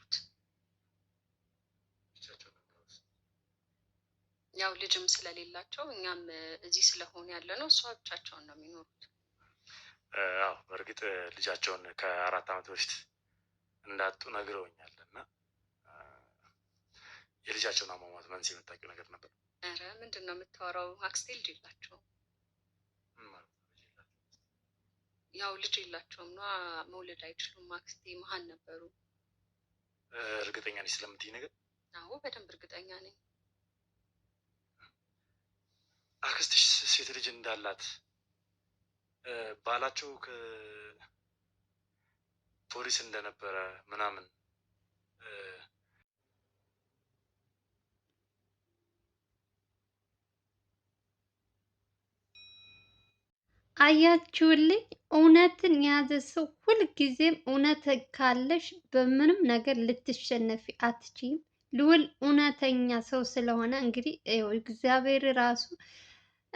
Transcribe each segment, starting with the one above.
የሚኖሩት። ያው ልጅም ስለሌላቸው እኛም እዚህ ስለሆነ ያለ ነው፣ እሷ ብቻቸውን ነው የሚኖሩት። አዎ በእርግጥ ልጃቸውን ከአራት ዓመት በፊት እንዳጡ ነግረውኛል። እና የልጃቸውን አሟሟት መንስ የምታውቂው ነገር ነበር? ኧረ ምንድን ነው የምታወራው? አክስቴ ልጅ የላቸውም። ያው ልጅ የላቸውም ነ መውለድ አይችሉም። አክስቴ መሀል ነበሩ እርግጠኛ ነኝ ስለምትይ ነገር? አዎ በደንብ እርግጠኛ ነኝ። አክስትሽ ሴት ልጅ እንዳላት ባላቸው ፖሊስ እንደነበረ ምናምን አያችሁልኝ። እውነትን የያዘ ሰው ሁልጊዜም እውነት ካለሽ በምንም ነገር ልትሸነፊ አትችይም። ልውል እውነተኛ ሰው ስለሆነ እንግዲህ እግዚአብሔር ራሱ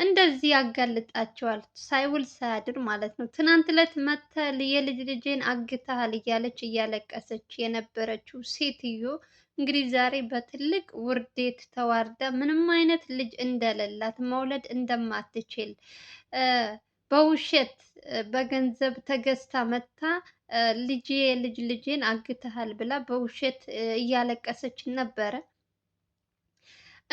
እንደዚህ ያጋልጣቸዋል፣ ሳይውል ሳያድር ማለት ነው። ትናንት ዕለት መተ የልጅ ልጄን አግተሃል እያለች እያለቀሰች የነበረችው ሴትዮ እንግዲህ ዛሬ በትልቅ ውርዴት ተዋርዳ ምንም አይነት ልጅ እንደሌላት መውለድ እንደማትችል በውሸት በገንዘብ ተገዝታ መታ ልጄ ልጅ ልጄን አግተሃል ብላ በውሸት እያለቀሰች ነበረ።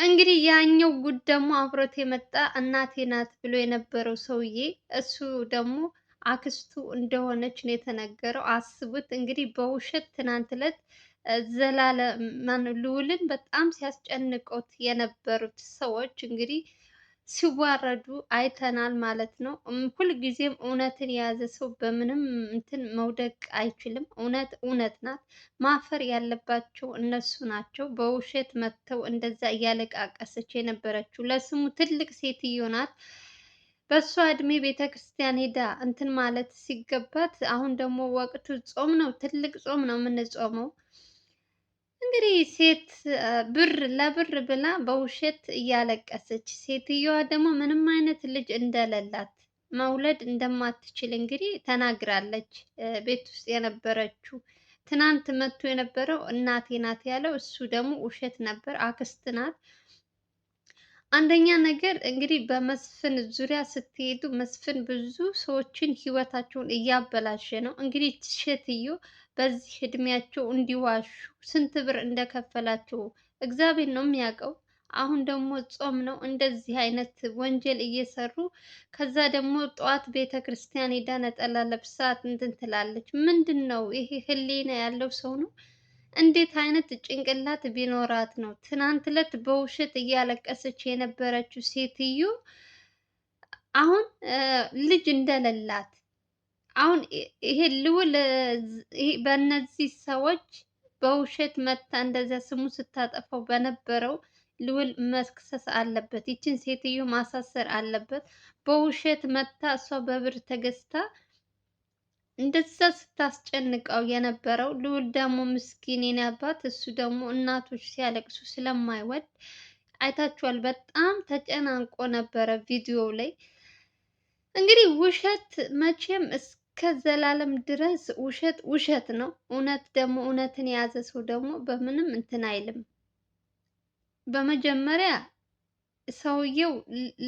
እንግዲህ ያኛው ጉድ ደግሞ አብሮት የመጣ እናቴ ናት ብሎ የነበረው ሰውዬ እሱ ደግሞ አክስቱ እንደሆነች ነው የተነገረው። አስቡት እንግዲህ በውሸት ትናንት ዕለት ዘላለም በጣም ሲያስጨንቁት የነበሩት ሰዎች እንግዲህ ሲዋረዱ አይተናል ማለት ነው። ሁልጊዜም እውነትን የያዘ ሰው በምንም እንትን መውደቅ አይችልም። እውነት እውነት ናት። ማፈር ያለባቸው እነሱ ናቸው። በውሸት መጥተው እንደዛ እያለቃቀሰች የነበረችው ለስሙ ትልቅ ሴትዮ ናት። በእሷ እድሜ ቤተ ክርስቲያን ሄዳ እንትን ማለት ሲገባት፣ አሁን ደግሞ ወቅቱ ጾም ነው። ትልቅ ጾም ነው የምንጾመው እንግዲህ ሴት ብር ለብር ብላ በውሸት እያለቀሰች ሴትየዋ ደግሞ ምንም አይነት ልጅ እንደሌላት መውለድ እንደማትችል እንግዲህ ተናግራለች። ቤት ውስጥ የነበረችው ትናንት መጥቶ የነበረው እናቴ ናት ያለው እሱ ደግሞ ውሸት ነበር፣ አክስት ናት አንደኛ ነገር እንግዲህ በመስፍን ዙሪያ ስትሄዱ መስፍን ብዙ ሰዎችን ህይወታቸውን እያበላሸ ነው። እንግዲህ ሴትዮ በዚህ እድሜያቸው እንዲዋሹ ስንት ብር እንደከፈላቸው እግዚአብሔር ነው የሚያውቀው። አሁን ደግሞ ጾም ነው። እንደዚህ አይነት ወንጀል እየሰሩ ከዛ ደግሞ ጠዋት ቤተ ክርስቲያን ሄዳ ነጠላ ለብሳ እንትን ትላለች። ምንድን ነው ይሄ? ህሊና ያለው ሰው ነው እንዴት አይነት ጭንቅላት ቢኖራት ነው ትናንት ዕለት በውሸት እያለቀሰች የነበረችው ሴትዮ አሁን ልጅ እንደሌላት አሁን ይሄ ልውል በእነዚህ ሰዎች በውሸት መታ እንደዚያ ስሙ ስታጠፋው በነበረው ልውል መክሰስ አለበት። ይችን ሴትዮ ማሳሰር አለበት። በውሸት መታ እሷ በብር ተገዝታ እንደዛ ስታስጨንቀው የነበረው ልዑል ደግሞ ምስኪን አባት እሱ ደግሞ እናቶች ሲያለቅሱ ስለማይወድ አይታችኋል። በጣም ተጨናንቆ ነበረ ቪዲዮ ላይ። እንግዲህ ውሸት መቼም እስከ ዘላለም ድረስ ውሸት ውሸት ነው። እውነት ደግሞ እውነትን የያዘ ሰው ደግሞ በምንም እንትን አይልም። በመጀመሪያ ሰውየው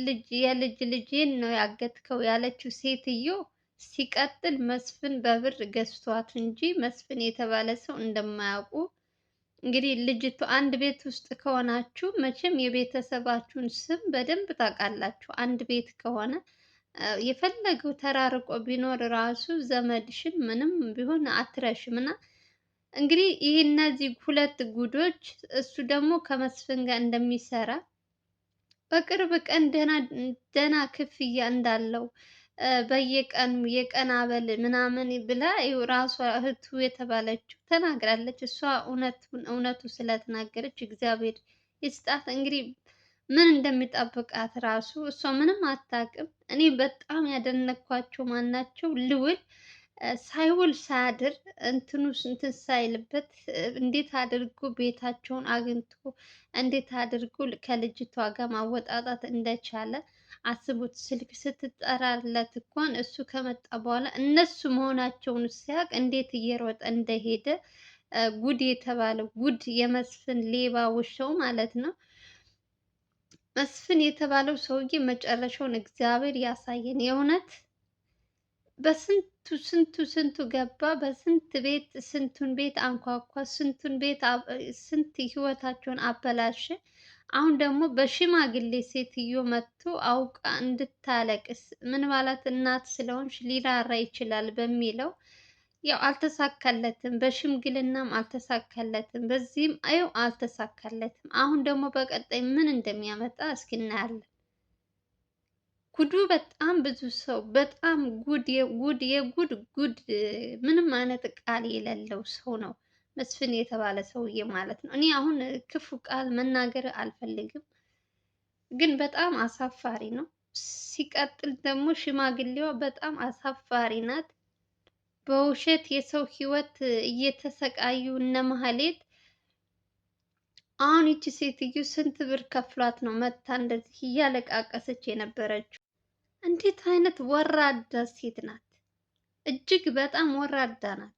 ልጅ የልጅ ልጅን ነው ያገትከው ያለችው ሴትዮ ሲቀጥል መስፍን በብር ገዝቷት እንጂ መስፍን የተባለ ሰው እንደማያውቁ እንግዲህ ልጅቱ አንድ ቤት ውስጥ ከሆናችሁ መቼም የቤተሰባችሁን ስም በደንብ ታውቃላችሁ። አንድ ቤት ከሆነ የፈለገው ተራርቆ ቢኖር ራሱ ዘመድሽን ምንም ቢሆን አትረሽም። እና እንግዲህ ይህ እነዚህ ሁለት ጉዶች እሱ ደግሞ ከመስፍን ጋር እንደሚሰራ በቅርብ ቀን ደህና ክፍያ እንዳለው በየቀኑ የቀን አበል ምናምን ብላ ራሷ እህቱ የተባለችው ተናግራለች። እሷ እውነቱ ስለተናገረች እግዚአብሔር ይስጣት። እንግዲህ ምን እንደሚጠብቃት ራሱ እሷ ምንም አታውቅም። እኔ በጣም ያደነኳቸው ማናቸው ልውል ሳይውል ሳያድር እንትኑ እንትን ሳይልበት እንዴት አድርጎ ቤታቸውን አግኝቶ እንዴት አድርጎ ከልጅቷ ጋር ማወጣጣት እንደቻለ አስቡት። ስልክ ስትጠራለት እንኳን እሱ ከመጣ በኋላ እነሱ መሆናቸውን ሲያውቅ እንዴት እየሮጠ እንደሄደ ጉድ የተባለው ጉድ የመስፍን ሌባ ውሻው ማለት ነው። መስፍን የተባለው ሰውዬ መጨረሻውን እግዚአብሔር ያሳየን። የእውነት በስንቱ ስንቱ ስንቱ ገባ፣ በስንት ቤት ስንቱን ቤት አንኳኳ፣ ስንቱን ቤት ስንት ህይወታቸውን አበላሸ። አሁን ደግሞ በሽማግሌ ሴትዮ መጥቶ አውቃ እንድታለቅስ ምን ባላት እናት ስለሆንሽ ሊራራ ይችላል በሚለው ያው አልተሳካለትም። በሽምግልናም አልተሳካለትም፣ በዚህም አየው አልተሳካለትም። አሁን ደግሞ በቀጣይ ምን እንደሚያመጣ እስኪ እናያለን። ጉዱ በጣም ብዙ ሰው በጣም ጉድ የጉድ የጉድ ጉድ ምንም አይነት ቃል የሌለው ሰው ነው። መስፍን የተባለ ሰውዬ ማለት ነው። እኔ አሁን ክፉ ቃል መናገር አልፈልግም፣ ግን በጣም አሳፋሪ ነው። ሲቀጥል ደግሞ ሽማግሌዋ በጣም አሳፋሪ ናት። በውሸት የሰው ህይወት እየተሰቃዩ እነ ማህሌት አሁን ይቺ ሴትዮ ስንት ብር ከፍሏት ነው መታ እንደዚህ እያለቃቀሰች የነበረችው? እንዴት አይነት ወራዳ ሴት ናት! እጅግ በጣም ወራዳ ናት።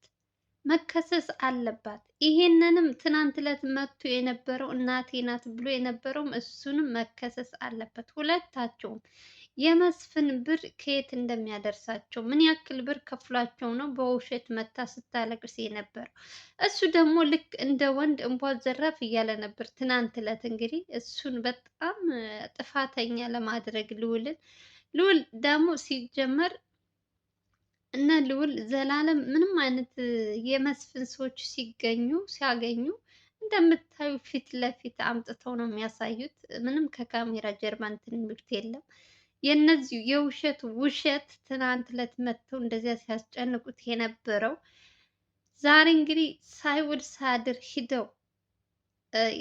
መከሰስ አለባት። ይሄንንም ትናንት ዕለት መቶ የነበረው እናቴ ናት ብሎ የነበረውም እሱንም መከሰስ አለበት። ሁለታቸውም የመስፍን ብር ከየት እንደሚያደርሳቸው ምን ያክል ብር ከፍሏቸው ነው በውሸት መታ ስታለቅስ የነበረው። እሱ ደግሞ ልክ እንደ ወንድ እንቧ ዘራፍ እያለ ነበር ትናንት ዕለት እንግዲህ እሱን በጣም ጥፋተኛ ለማድረግ ልውልን ልውል ደግሞ ሲጀመር እነ ልዑል ዘላለም ምንም አይነት የመስፍን ሰዎች ሲገኙ ሲያገኙ እንደምታዩ ፊት ለፊት አምጥተው ነው የሚያሳዩት። ምንም ከካሜራ ጀርባ እንትን የሚሉት የለም። የእነዚሁ የውሸት ውሸት ትናንት ዕለት መጥተው እንደዚያ ሲያስጨንቁት የነበረው ዛሬ እንግዲህ ሳይውል ሳድር ሂደው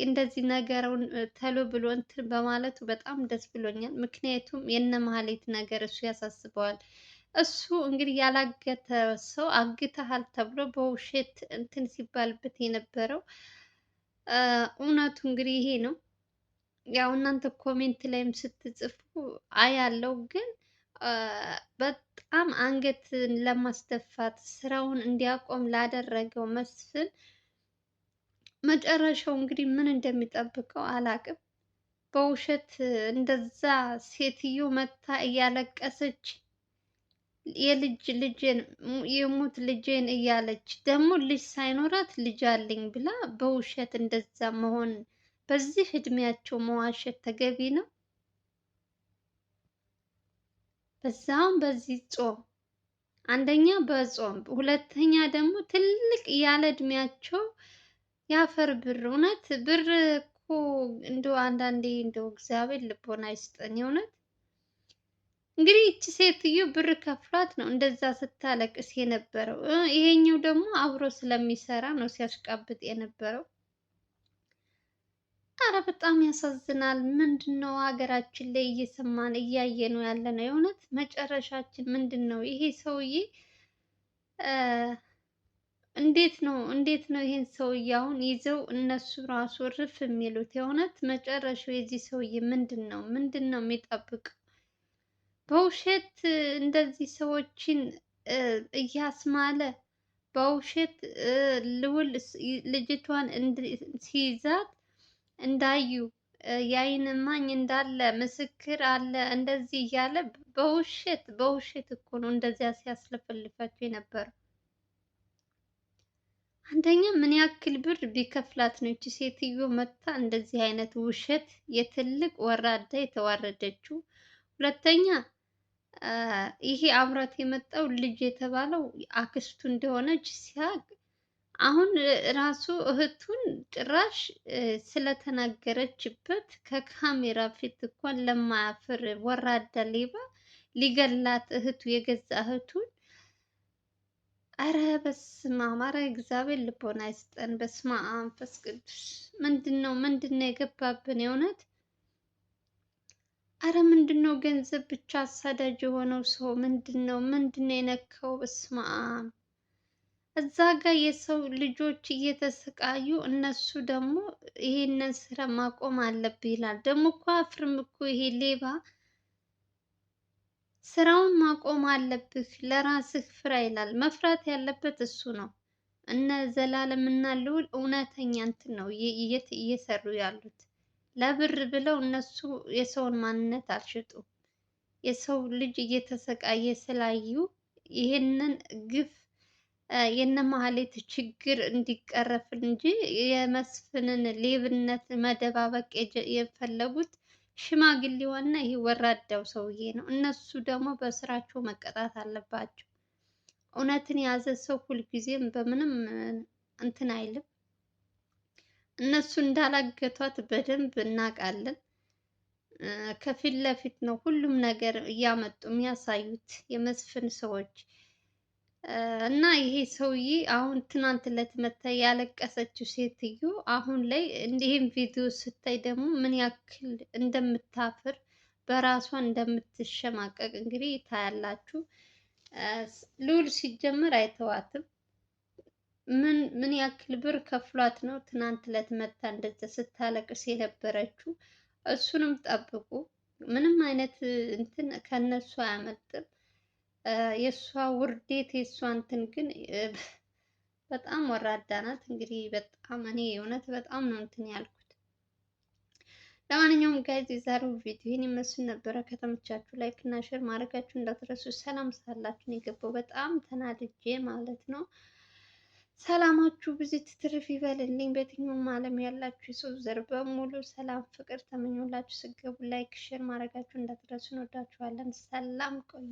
እንደዚህ ነገረውን ተሎ ብሎ እንትን በማለቱ በጣም ደስ ብሎኛል። ምክንያቱም የነ መሀሌት ነገር እሱ ያሳስበዋል። እሱ እንግዲህ ያላገተ ሰው አግተሃል ተብሎ በውሸት እንትን ሲባልበት የነበረው እውነቱ እንግዲህ ይሄ ነው። ያው እናንተ ኮሜንት ላይም ስትጽፉ አያለው፣ ግን በጣም አንገትን ለማስደፋት ስራውን እንዲያቆም ላደረገው መስፍን መጨረሻው እንግዲህ ምን እንደሚጠብቀው አላቅም። በውሸት እንደዛ ሴትዮ መታ እያለቀሰች የልጅ ልጄን የሙት ልጄን እያለች ደግሞ ልጅ ሳይኖራት ልጅ አለኝ ብላ በውሸት እንደዛ መሆን በዚህ እድሜያቸው መዋሸት ተገቢ ነው? በዛም በዚህ ጾም አንደኛ በጾም ሁለተኛ ደግሞ ትልቅ ያለ እድሜያቸው የአፈር ብር። እውነት ብር እኮ እንደው አንዳንዴ እንደው እግዚአብሔር ልቦና ይስጠን እውነት እንግዲህ ይቺ ሴትዮ ብር ከፍሏት ነው እንደዛ ስታለቅስ የነበረው። ይሄኛው ደግሞ አብሮ ስለሚሰራ ነው ሲያሽቃብጥ የነበረው። አረ በጣም ያሳዝናል። ምንድን ነው ሀገራችን ላይ እየሰማን እያየ ነው ያለ ነው። የእውነት መጨረሻችን ምንድን ነው? ይሄ ሰውዬ እንዴት ነው እንዴት ነው ይሄን ሰውዬ አሁን ይዘው እነሱ ራሱ ርፍ የሚሉት የእውነት መጨረሻው የዚህ ሰውዬ ምንድን ነው? ምንድን ነው የሚጠብቀው? በውሸት እንደዚህ ሰዎችን እያስማለ በውሸት ልዑል ልጅቷን ሲይዛት እንዳዩ የአይን እማኝ እንዳለ ምስክር አለ እንደዚህ እያለ በውሸት በውሸት እኮ ነው እንደዚያ ሲያስለፈልፋቸው የነበረው። አንደኛ ምን ያክል ብር ቢከፍላት ነው ይቺ ሴትዮ መታ እንደዚህ አይነት ውሸት የትልቅ ወራዳ የተዋረደችው ሁለተኛ ይሄ አብራት የመጣው ልጅ የተባለው አክስቱ እንደሆነች ሲያቅ አሁን ራሱ እህቱን ጭራሽ ስለተናገረችበት ከካሜራ ፊት እንኳን ለማያፍር ወራዳ ሌባ ሊገላት እህቱ የገዛ እህቱን አረ በስመ አብ አረ እግዚአብሔር ልቦና ይስጠን። በስመ አብ መንፈስ ቅዱስ ምንድን ነው ምንድን ነው የገባብን የእውነት አረ ምንድን ነው ገንዘብ ብቻ አሳዳጅ የሆነው ሰው ምንድን ነው ምንድን ነው የነካው? በስመ አብ። እዛ ጋር የሰው ልጆች እየተሰቃዩ እነሱ ደግሞ ይሄንን ስራ ማቆም አለብህ ይላል። ደግሞ እኮ አፍርም እኮ ይሄ ሌባ ስራውን ማቆም አለብህ ለራስህ ፍራ ይላል። መፍራት ያለበት እሱ ነው። እነ ዘላለም እና ልዑል እውነተኛ እንትን ነው እየሰሩ ያሉት ለብር ብለው እነሱ የሰውን ማንነት አልሸጡም። የሰው ልጅ እየተሰቃየ ስላዩ ይህንን ግፍ የነ ማህሌት ችግር እንዲቀረፍ እንጂ የመስፍንን ሌብነት መደባበቅ የፈለጉት ሽማግሌዋና ይህ ወራዳው ሰውዬ ነው። እነሱ ደግሞ በስራቸው መቀጣት አለባቸው። እውነትን የያዘ ሰው ሁልጊዜም በምንም እንትን አይልም። እነሱ እንዳላገቷት በደንብ እናውቃለን። ከፊት ለፊት ነው ሁሉም ነገር እያመጡ የሚያሳዩት የመስፍን ሰዎች እና ይሄ ሰውዬ አሁን ትናንት ለት መታ ያለቀሰችው ሴትዮ አሁን ላይ እንዲህም ቪዲዮ ስታይ ደግሞ ምን ያክል እንደምታፍር በራሷ እንደምትሸማቀቅ እንግዲህ ታያላችሁ። ልዑል ሲጀመር አይተዋትም። ምን ምን ያክል ብር ከፍሏት ነው ትናንት ዕለት መታ እንደዛ ስታለቅስ የነበረችው? እሱንም ጠብቁ። ምንም አይነት እንትን ከነሱ አያመልጥም። የእሷ ውርዴት የእሷ እንትን ግን በጣም ወራዳ ናት። እንግዲህ በጣም እኔ እውነት በጣም ነው እንትን ያልኩት። ለማንኛውም ጋይዝ የዛሬው ቪዲዮ ይህን ይመስል ነበረ። ከተመቻችሁ ላይክ እና ሼር ማድረጋችሁ እንዳትረሱ። ሰላም ሳላችሁ የገባው በጣም ተናድጄ ማለት ነው። ሰላማችሁ ብዙ ትትርፍ ይበልልኝ። በየትኛውም ዓለም ያላችሁ የሰው ዘር በሙሉ ሰላም፣ ፍቅር ተመኞላችሁ። ስገቡ ላይክ፣ ሼር ማድረጋችሁ እንዳትረሱ። እንወዳችኋለን። ሰላም ቆዩ።